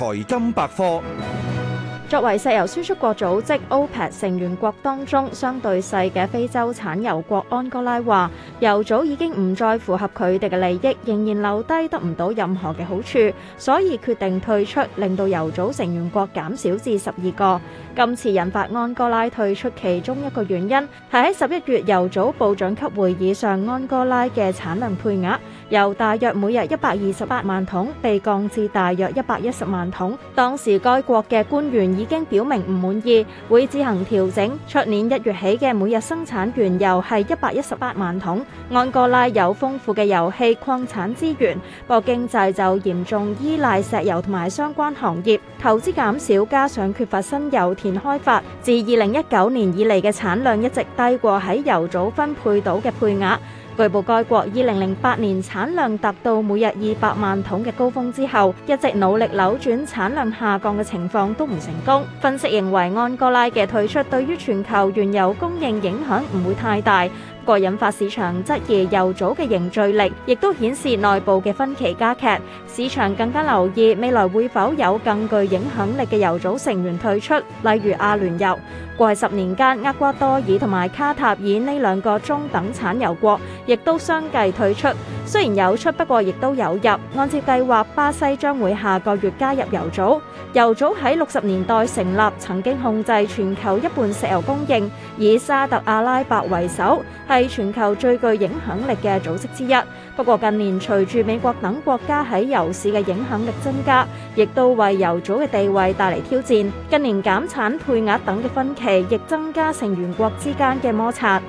財經百科。作為石油輸出國組織 OPEC 成員國當中，相對細嘅非洲產油國安哥拉話，油組已經唔再符合佢哋嘅利益，仍然留低得唔到任何嘅好處，所以決定退出，令到油組成員國減少至十二個。今次引發安哥拉退出其中一個原因，係喺十一月油組部長級會議上，安哥拉嘅產量配額，由大約每日一百二十八萬桶被降至大約一百一十萬桶。當時該國嘅官員已經表明唔滿意，會自行調整。出年一月起嘅每日生產原油係一百一十八萬桶。安哥拉有豐富嘅油氣、礦產資源，不過經濟就嚴重依賴石油同埋相關行業。投資減少，加上缺乏新油田開發，自二零一九年以嚟嘅產量一直低過喺油組分配到嘅配額。據報，該國二零零八年產量達到每日二百萬桶嘅高峰之後，一直努力扭轉產量下降嘅情況都唔成功。分析認為，安哥拉嘅退出對於全球原油供應影響唔會太大。個引發市場質疑油組嘅凝聚力，亦都顯示內部嘅分歧加劇。市場更加留意未來會否有更具影響力嘅油組成員退出，例如阿聯酋。過去十年間，厄瓜多爾同埋卡塔爾呢兩個中等產油國，亦都相繼退出。雖然有出，不過亦都有入。按照計劃，巴西將會下個月加入油組。油組喺六十年代成立，曾經控制全球一半石油供應，以沙特阿拉伯為首，係，係全球最具影響力嘅組織之一，不過近年隨住美國等國家喺油市嘅影響力增加，亦都為油組嘅地位帶嚟挑戰。近年減產配額等嘅分歧，亦增加成員國之間嘅摩擦。